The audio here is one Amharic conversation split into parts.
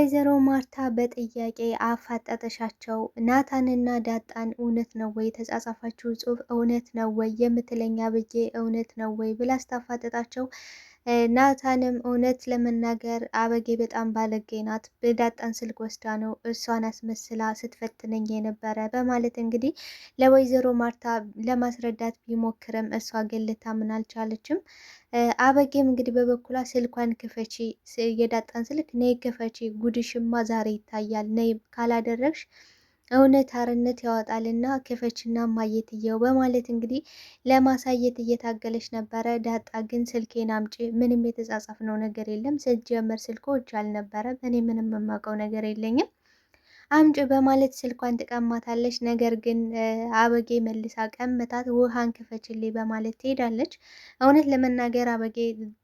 ወይዘሮ ማርታ በጥያቄ አፋጠጠሻቸው። ናታንና ዳጣን እውነት ነው ወይ የተጻጻፋችሁ ጽሑፍ እውነት ነው ወይ የምትለኛ ብዬ እውነት ነው ወይ ብላ ስታፋጠጣቸው ናታንም እውነት ለመናገር አበጌ በጣም ባለጌ ናት፣ በዳጣን ስልክ ወስዳ ነው እሷን አስመስላ ስትፈትነኝ የነበረ በማለት እንግዲህ ለወይዘሮ ማርታ ለማስረዳት ቢሞክርም እሷ ገልታ ምን አልቻለችም። አበጌም እንግዲህ በበኩሏ ስልኳን ክፈቺ፣ የዳጣን ስልክ ነይ ክፈቺ፣ ጉድሽማ ዛሬ ይታያል፣ ነይ ካላደረግሽ እውነት አርነት ያወጣልና ክፈችና ማየትየው በማለት እንግዲህ ለማሳየት እየታገለች ነበረ። ዳጣ ግን ስልኬን አምጪ፣ ምንም የተጻጻፍነው ነገር የለም። ስጀመር ስልኮ እጅ አልነበረም። እኔ ምንም የማውቀው ነገር የለኝም አምጭ በማለት ስልኳን ትቀማታለች። ነገር ግን አበጌ መልሳ ቀምታት ውሃን ክፈችልኝ በማለት ትሄዳለች። እውነት ለመናገር አበጌ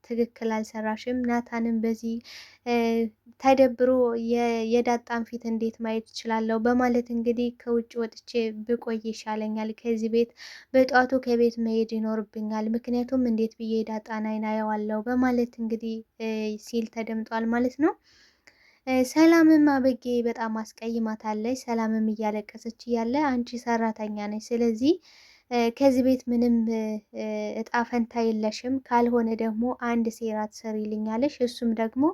ትክክል አልሰራሽም። ናታንም በዚህ ተደብሮ የዳጣን ፊት እንዴት ማየት እችላለሁ? በማለት እንግዲህ ከውጭ ወጥቼ ብቆይ ይሻለኛል። ከዚህ ቤት በጧቱ ከቤት መሄድ ይኖርብኛል። ምክንያቱም እንዴት ብዬ ዳጣን አይን አየዋለሁ? በማለት እንግዲህ ሲል ተደምጧል ማለት ነው። ሰላምም አበጌ በጣም አስቀይማታለች። ሰላምም እያለቀሰች እያለ አንቺ ሰራተኛ ነች፣ ስለዚህ ከዚህ ቤት ምንም እጣ ፈንታ የለሽም፣ ካልሆነ ደግሞ አንድ ሴራ ትሰሪልኛለሽ፣ እሱም ደግሞ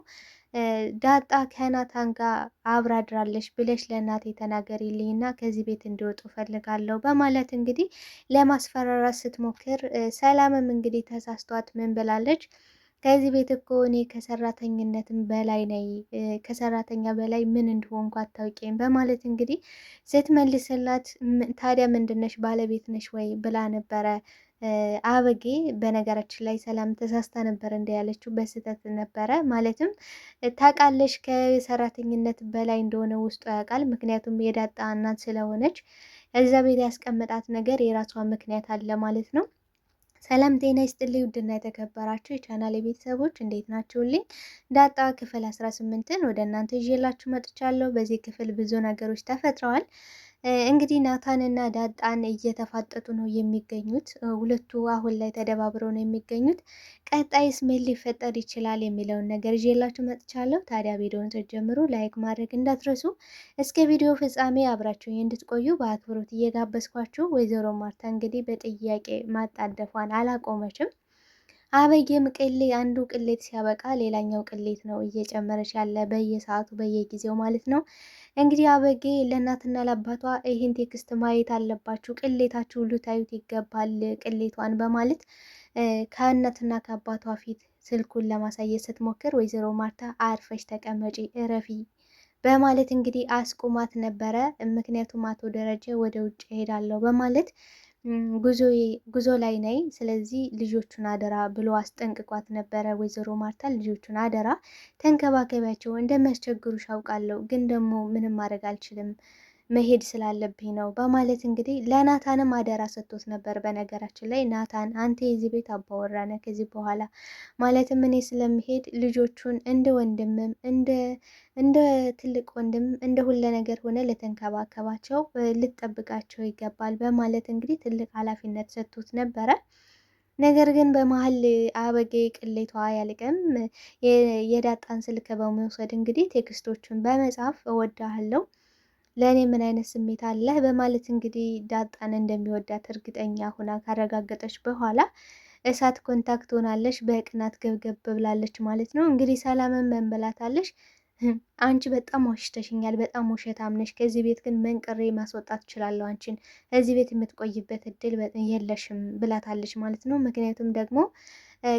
ዳጣ ከናታን ጋር አብራ አድራለች ብለሽ ለእናቴ ተናገሪልኝና ከዚህ ቤት እንዲወጡ ፈልጋለሁ በማለት እንግዲህ ለማስፈራራት ስትሞክር፣ ሰላምም እንግዲህ ተሳስቷት ምን ብላለች? ከዚህ ቤት እኮ እኔ ከሰራተኝነትም በላይ ነኝ፣ ከሰራተኛ በላይ ምን እንደሆንኩ አታውቂም በማለት እንግዲህ ስትመልስላት፣ ታዲያ ምንድነሽ ባለቤት ነሽ ወይ ብላ ነበረ አበጌ በነገራችን ላይ ሰላም ተሳስታ ነበር እንደ ያለችው በስህተት ነበረ። ማለትም ታውቃለች ከሰራተኝነት በላይ እንደሆነ ውስጡ ያውቃል። ምክንያቱም የዳጣ እናት ስለሆነች እዛ ቤት ያስቀመጣት ነገር የራሷ ምክንያት አለ ማለት ነው። ሰላም ጤና ይስጥልኝ። ውድና የተከበራችሁ የቻናል ቤተሰቦች እንዴት ናችሁልኝ? ዳጣ ክፍል 18ን ወደ እናንተ ይዤላችሁ መጥቻለሁ። በዚህ ክፍል ብዙ ነገሮች ተፈጥረዋል። እንግዲህ ናታን እና ዳጣን እየተፋጠጡ ነው የሚገኙት። ሁለቱ አሁን ላይ ተደባብረው ነው የሚገኙት። ቀጣይስ ምን ሊፈጠር ይችላል የሚለውን ነገር ይዤላችሁ መጥቻለሁ። ታዲያ ቪዲዮውን ስትጀምሩ ላይክ ማድረግ እንዳትረሱ፣ እስከ ቪዲዮ ፍጻሜ አብራችሁኝ እንድትቆዩ በአክብሮት እየጋበዝኳችሁ። ወይዘሮ ማርታ እንግዲህ በጥያቄ ማጣደፏን አላቆመችም። አበየም ቅሌ አንዱ ቅሌት ሲያበቃ ሌላኛው ቅሌት ነው እየጨመረች ያለ በየሰዓቱ በየጊዜው ማለት ነው። እንግዲህ አበጌ ለእናትና ለአባቷ ይህን ቴክስት ማየት አለባችሁ፣ ቅሌታችሁ ልታዩት ይገባል፣ ቅሌቷን በማለት ከእናትና ከአባቷ ፊት ስልኩን ለማሳየት ስትሞክር ወይዘሮ ማርታ አርፈሽ ተቀመጪ እረፊ በማለት እንግዲህ አስቁማት ነበረ። ምክንያቱም አቶ ደረጀ ወደ ውጭ እሄዳለሁ በማለት ጉዞ ላይ ነይ፣ ስለዚህ ልጆቹን አደራ ብሎ አስጠንቅቋት ነበረ። ወይዘሮ ማርታ ልጆቹን አደራ ተንከባከቢያቸው፣ እንደሚያስቸግሩሽ አውቃለሁ፣ ግን ደግሞ ምንም ማድረግ አልችልም መሄድ ስላለብኝ ነው በማለት እንግዲህ ለናታንም አደራ ሰጥቶት ነበር። በነገራችን ላይ ናታን አንተ የዚህ ቤት አባወራ ነህ፣ ከዚህ በኋላ ማለትም እኔ ስለምሄድ ልጆቹን እንደ ወንድምም እንደ ትልቅ ወንድም እንደ ሁለ ነገር ሆነ ልተንከባከባቸው፣ ልጠብቃቸው ይገባል በማለት እንግዲህ ትልቅ ኃላፊነት ሰጥቶት ነበረ። ነገር ግን በመሀል አበጌ ቅሌቷ ያልቅም የዳጣን ስልክ በመውሰድ እንግዲህ ቴክስቶቹን በመጻፍ እወዳሃለሁ ለእኔ ምን አይነት ስሜት አለህ በማለት እንግዲህ ዳጣን እንደሚወዳት እርግጠኛ ሁና ካረጋገጠች በኋላ እሳት ኮንታክት ሆናለች። በቅናት ገብገብ ብላለች ማለት ነው። እንግዲህ ሰላምን መንበላታለች። አንቺ በጣም ዋሽተሽኛል፣ በጣም ውሸታም ነሽ። ከዚህ ቤት ግን መንቅሬ ማስወጣት እችላለሁ። አንቺን እዚህ ቤት የምትቆይበት እድል የለሽም ብላታለች ማለት ነው። ምክንያቱም ደግሞ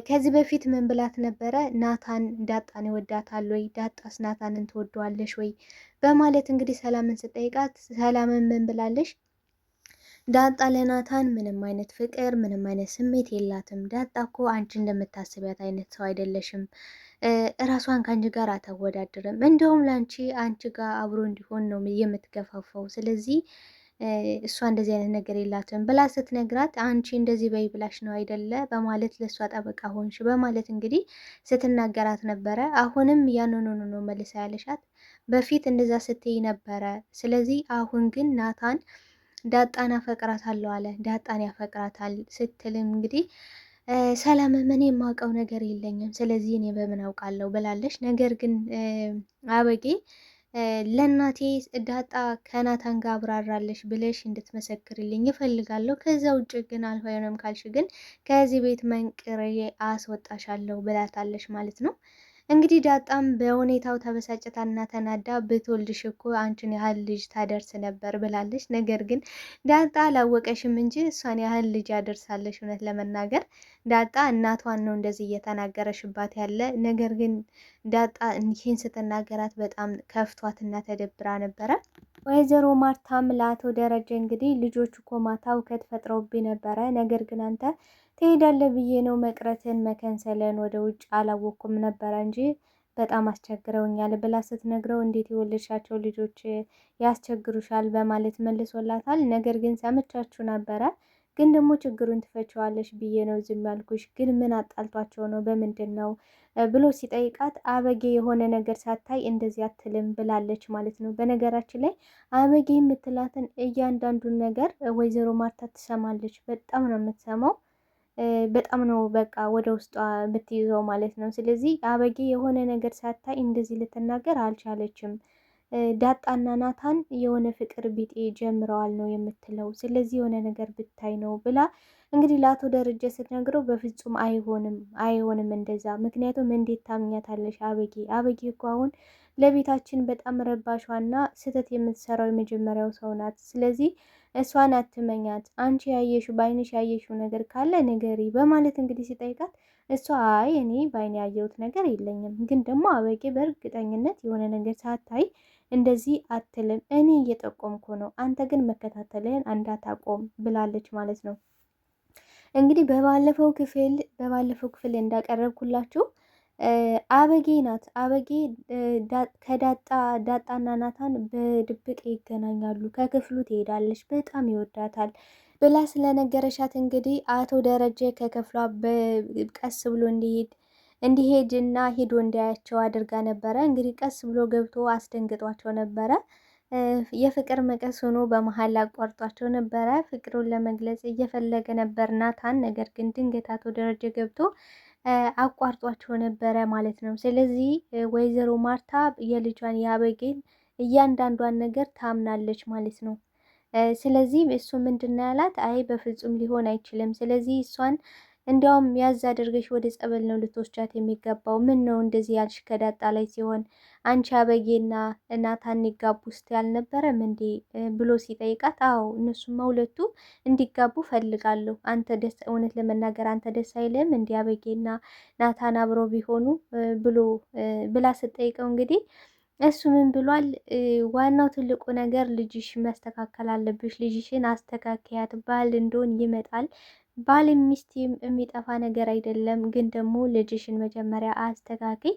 ከዚህ በፊት ምን ብላት ነበረ? ናታን ዳጣን ይወዳታል ወይ? ዳጣስ ናታንን ትወደዋለሽ ወይ? በማለት እንግዲህ ሰላምን ስጠይቃት ሰላምን ምን ብላለሽ? ዳጣ ለናታን ምንም አይነት ፍቅር ምንም አይነት ስሜት የላትም። ዳጣ እኮ አንቺ እንደምታስቢያት አይነት ሰው አይደለሽም። እራሷን ከአንቺ ጋር አታወዳድርም። እንዲሁም ለአንቺ አንቺ ጋር አብሮ እንዲሆን ነው የምትገፋፋው። ስለዚህ እሷ እንደዚህ አይነት ነገር የላትም ብላ ስትነግራት አንቺ እንደዚህ በይ ብላሽ ነው አይደለ በማለት ለእሷ ጠበቃ ሆንሽ በማለት እንግዲህ ስትናገራት ነበረ። አሁንም ያንኑ ነው መልሳ ያለሻት። በፊት እንደዛ ስትይ ነበረ። ስለዚህ አሁን ግን ናታን ዳጣን ያፈቅራታለሁ አለ። ዳጣን ያፈቅራታል ስትልም እንግዲህ ሰላም ምን የማውቀው ነገር የለኝም፣ ስለዚህ እኔ በምን አውቃለሁ ብላለች። ነገር ግን አበጌ ለእናቴ ዳጣ ከናታን ጋር አብራራለሽ ብለሽ እንድትመሰክርልኝ እፈልጋለሁ። ከዛ ውጭ ግን አልሆነም ካልሽ ግን ከዚህ ቤት መንቅሬ አስወጣሻለሁ ብላታለሽ ማለት ነው። እንግዲህ ዳጣም በሁኔታው ተበሳጭታና ተናዳ ብትወልድሽ እኮ አንቺን ያህል ልጅ ታደርስ ነበር ብላለች። ነገር ግን ዳጣ አላወቀሽም እንጂ እሷን ያህል ልጅ ያደርሳለሽ። እውነት ለመናገር ዳጣ እናቷን ነው እንደዚህ እየተናገረሽባት ያለ። ነገር ግን ዳጣ ይህን ስትናገራት በጣም ከፍቷትና ተደብራ ነበረ። ወይዘሮ ማርታም ለአቶ ደረጀ እንግዲህ ልጆች እኮ ማታ ፈጥረውብኝ ነበረ፣ ነገር ግን አንተ ትሄዳለህ ብዬ ነው መቅረትን መከንሰለን ወደ ውጭ አላወቅኩም ነበረ እንጂ በጣም አስቸግረውኛል ብላ ስትነግረው እንዴት የወለድሻቸው ልጆች ያስቸግሩሻል በማለት መልሶላታል። ነገር ግን ሰምቻችሁ ነበረ፣ ግን ደግሞ ችግሩን ትፈችዋለሽ ብዬ ነው ዝም ያልኩሽ፣ ግን ምን አጣልቷቸው ነው በምንድን ነው ብሎ ሲጠይቃት አበጌ የሆነ ነገር ሳታይ እንደዚህ አትልም ብላለች ማለት ነው። በነገራችን ላይ አበጌ የምትላትን እያንዳንዱን ነገር ወይዘሮ ማርታ ትሰማለች። በጣም ነው የምትሰማው። በጣም ነው በቃ ወደ ውስጧ ብትይዘው ማለት ነው። ስለዚህ አበጌ የሆነ ነገር ሳታይ እንደዚህ ልትናገር አልቻለችም። ዳጣና ናታን የሆነ ፍቅር ቢጤ ጀምረዋል ነው የምትለው። ስለዚህ የሆነ ነገር ብታይ ነው ብላ እንግዲህ ለአቶ ደረጀ ስትነግረው በፍጹም አይሆንም አይሆንም እንደዛ። ምክንያቱም እንዴት ታምኛታለሽ? አበጌ አበጌ እኮ አሁን ለቤታችን በጣም ረባሿና ስህተት የምትሰራው የመጀመሪያው ሰው ናት። ስለዚህ እሷን አትመኛት፣ አንቺ ያየሹ በአይንሽ ያየሹ ነገር ካለ ንገሪ በማለት እንግዲህ ሲጠይቃት እሷ አይ እኔ በአይን ያየሁት ነገር የለኝም፣ ግን ደግሞ አበቄ በእርግጠኝነት የሆነ ነገር ሳታይ እንደዚህ አትልም፣ እኔ እየጠቆምኩ ነው፣ አንተ ግን መከታተልህን እንዳታቆም ብላለች ማለት ነው። እንግዲህ በባለፈው ክፍል በባለፈው ክፍል እንዳቀረብኩላችሁ አበጌ ናት። አበጌ ከዳጣ ዳጣና ናታን በድብቅ ይገናኛሉ። ከክፍሉ ትሄዳለች። በጣም ይወዳታል ብላ ስለነገረሻት እንግዲህ አቶ ደረጀ ከክፍሏ ቀስ ብሎ እንዲሄድ እንዲሄድ እና ሄዶ እንዲያያቸው አድርጋ ነበረ። እንግዲህ ቀስ ብሎ ገብቶ አስደንግጧቸው ነበረ። የፍቅር መቀስ ሆኖ በመሀል አቋርጧቸው ነበረ። ፍቅሩን ለመግለጽ እየፈለገ ነበር ናታን። ነገር ግን ድንገት አቶ ደረጀ ገብቶ አቋርጧቸው ነበረ ማለት ነው። ስለዚህ ወይዘሮ ማርታ የልጇን የአበጌን እያንዳንዷን ነገር ታምናለች ማለት ነው። ስለዚህ እሱ ምንድን ነው ያላት? አይ በፍጹም ሊሆን አይችልም። ስለዚህ እሷን እንዲያውም ያዝ አድርገሽ ወደ ጸበል ነው ልትወስቻት የሚገባው። ምን ነው እንደዚህ ያልሽ? ከዳጣ ላይ ሲሆን አንቺ አበጌና እናታ እንጋቡ ውስጥ ያልነበረም እንዴ ብሎ ሲጠይቃት፣ አዎ እነሱማ ሁለቱ እንዲጋቡ ፈልጋለሁ። አንተ ደስ እውነት ለመናገር አንተ ደስ አይልም እንዲ አበጌና ናታን አብረው ቢሆኑ ብሎ ብላ ስትጠይቀው እንግዲህ እሱ ምን ብሏል? ዋናው ትልቁ ነገር ልጅሽ መስተካከል አለብሽ። ልጅሽን አስተካከያት። ባል እንደሆን ይመጣል ባልም ሚስቲም የሚጠፋ ነገር አይደለም። ግን ደግሞ ልጅሽን መጀመሪያ አስተካክይ።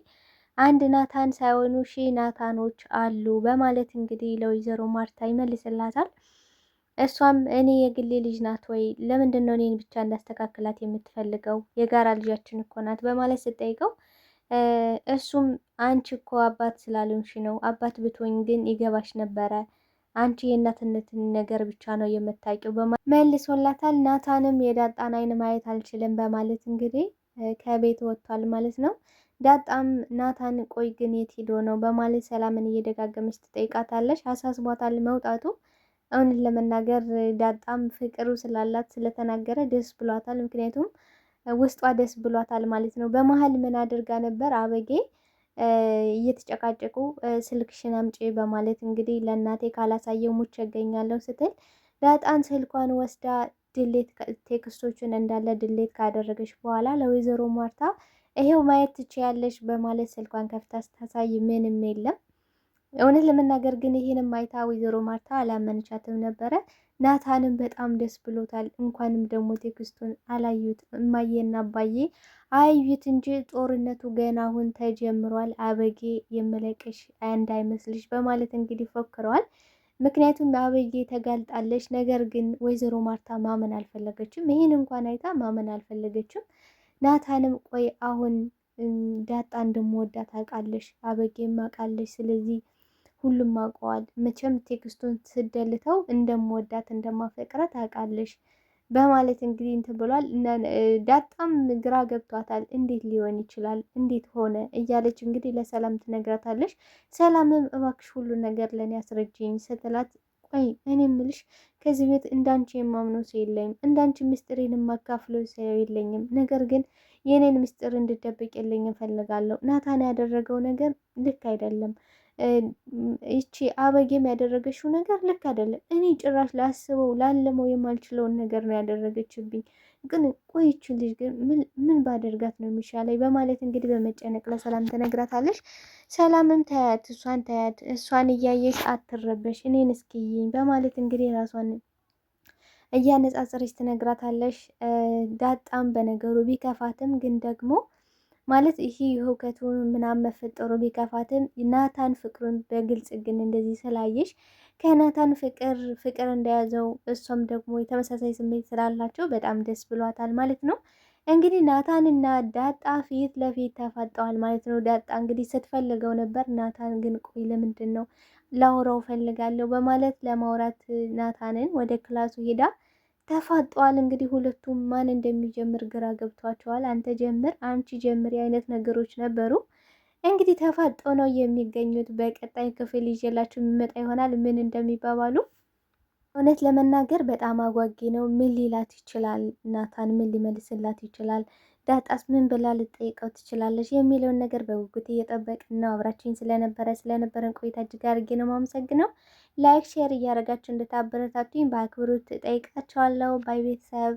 አንድ ናታን ሳይሆኑ ሺህ ናታኖች አሉ በማለት እንግዲህ ለወይዘሮ ማርታ ይመልስላታል። እሷም እኔ የግሌ ልጅ ናት ወይ ለምንድን ነው እኔን ብቻ እንዳስተካክላት የምትፈልገው? የጋራ ልጃችን እኮ ናት በማለት ስጠይቀው እሱም አንቺ እኮ አባት ስላልሆንሽ ነው፣ አባት ብትሆኝ ግን ይገባሽ ነበረ አንቺ የእናትነትን ነገር ብቻ ነው የምታውቂው በማለት መልሶላታል። ናታንም የዳጣን አይን ማየት አልችልም በማለት እንግዲህ ከቤት ወጥቷል ማለት ነው። ዳጣም ናታን ቆይ ግን የት ሄዶ ነው በማለት ሰላምን እየደጋገመች ትጠይቃታለች። አሳስቧታል መውጣቱ። እውነት ለመናገር ዳጣም ፍቅሩ ስላላት ስለተናገረ ደስ ብሏታል። ምክንያቱም ውስጧ ደስ ብሏታል ማለት ነው። በመሀል ምን አድርጋ ነበር አበጌ እየተጨቃጨቁ ስልክሽን አምጪ በማለት እንግዲህ ለእናቴ ካላሳየው ሙች እገኛለሁ ስትል በጣም ስልኳን ወስዳ ድሌት ቴክስቶቹን እንዳለ ድሌት ካደረገች በኋላ ለወይዘሮ ማርታ ይሄው ማየት ትችያለሽ በማለት ስልኳን ከፍታ ስታሳይ ምንም የለም። እውነት ለመናገር ግን ይህንም አይታ ወይዘሮ ማርታ አላመነቻትም ነበረ። ናታንም በጣም ደስ ብሎታል። እንኳንም ደግሞ ቴክስቱን አላዩት እማዬና አባዬ አይዩት እንጂ ጦርነቱ ገና አሁን ተጀምሯል፣ አበጌ የምለቅሽ አንድ አይመስልሽ በማለት እንግዲህ ፎክረዋል። ምክንያቱም አበጌ ተጋልጣለች። ነገር ግን ወይዘሮ ማርታ ማመን አልፈለገችም። ይህን እንኳን አይታ ማመን አልፈለገችም። ናታንም ቆይ አሁን ዳጣ እንደምወዳት አውቃለሽ፣ አበጌም አውቃለች ስለዚህ ሁሉም አውቀዋል። መቼም ቴክስቱን ስደልተው እንደምወዳት እንደማፈቅራት አውቃለሽ በማለት እንግዲህ እንትን ብሏል። ዳጣም ግራ ገብቷታል። እንዴት ሊሆን ይችላል? እንዴት ሆነ? እያለች እንግዲህ ለሰላም ትነግራታለች። ሰላምም እባክሽ ሁሉ ነገር ለእኔ አስረጅኝ ስትላት ቆይ እኔ ምልሽ ከዚህ ቤት እንዳንቺ የማምነው ሰው የለኝም፣ እንዳንቺ ምስጢሬን የማካፍለው ሰው የለኝም። ነገር ግን የእኔን ምስጢር እንድደብቅልኝ እፈልጋለሁ። ናታን ያደረገው ነገር ልክ አይደለም። ይቺ አበጌም ያደረገችው ነገር ልክ አይደለም። እኔ ጭራሽ ላስበው ላለመው የማልችለውን ነገር ነው ያደረገችብኝ። ግን ቆይች ልጅ ግን ምን ባደርጋት ነው የሚሻለኝ በማለት እንግዲህ በመጨነቅ ለሰላም ትነግራታለች። ሰላምም ታያት እሷን ታያት እሷን እያየሽ አትረበሽ እኔን እስኪይኝ በማለት እንግዲህ ራሷን እያነጻጸረች ትነግራታለች። ዳጣም በነገሩ ቢከፋትም ግን ደግሞ ማለት ይሄ የህውከቱን ምናምን መፈጠሩ ቢከፋትም ናታን ፍቅሩን በግልጽ ግን እንደዚህ ስላየሽ ከናታን ፍቅር ፍቅር እንደያዘው እሷም ደግሞ የተመሳሳይ ስሜት ስላላቸው በጣም ደስ ብሏታል ማለት ነው። እንግዲህ ናታን እና ዳጣ ፊት ለፊት ተፋጠዋል ማለት ነው። ዳጣ እንግዲህ ስትፈልገው ነበር። ናታን ግን ቆይ ለምንድን ነው ላውራው ፈልጋለሁ በማለት ለማውራት ናታንን ወደ ክላሱ ሄዳ ተፋጠዋል። እንግዲህ ሁለቱም ማን እንደሚጀምር ግራ ገብቷቸዋል። አንተ ጀምር፣ አንቺ ጀምሪ አይነት ነገሮች ነበሩ። እንግዲህ ተፋጠው ነው የሚገኙት። በቀጣይ ክፍል ይዤላችሁ የሚመጣ ይሆናል ምን እንደሚባባሉ እውነት ለመናገር በጣም አጓጊ ነው። ምን ሊላት ይችላል? ናታን ምን ሊመልስላት ይችላል? ዳጣስ ምን ብላ ልጠይቀው ትችላለች? የሚለውን ነገር በጉጉት እየጠበቅን ነው። አብራችን ስለነበረ ስለነበረን ቆይታ እጅግ አድርጌ ነው ማመሰግነው። ላይክ፣ ሼር እያደረጋችሁ እንድታበረታቱኝ በአክብሮት እጠይቃቸዋለሁ። ባይ ቤተሰብ